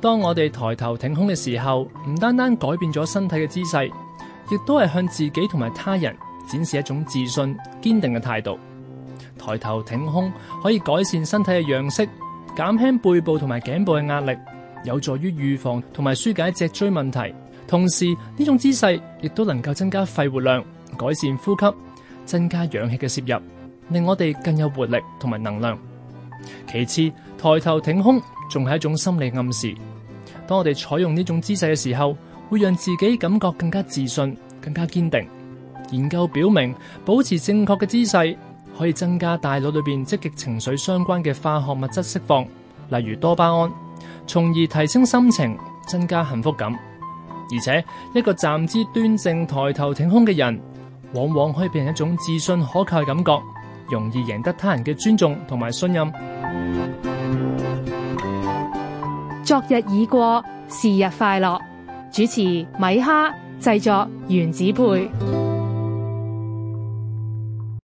當我哋抬頭挺胸嘅時候，唔單單改變咗身體嘅姿勢，亦都係向自己同埋他人展示一種自信、堅定嘅態度。抬頭挺胸可以改善身體嘅樣式，減輕背部同埋頸部嘅壓力，有助於預防同埋紓解脊椎問題。同時，呢種姿勢亦都能夠增加肺活量，改善呼吸，增加氧氣嘅攝入，令我哋更有活力同埋能量。其次，抬頭挺胸仲係一種心理暗示。當我哋採用呢種姿勢嘅時候，會讓自己感覺更加自信、更加堅定。研究表明，保持正確嘅姿勢可以增加大腦裏面積極情緒相關嘅化學物質釋放，例如多巴胺，從而提升心情、增加幸福感。而且，一個站姿端正、抬頭挺胸嘅人，往往可以俾人一種自信可靠嘅感覺。容易贏得他人嘅尊重同埋信任。昨日已過，是日快樂。主持米哈，製作原子配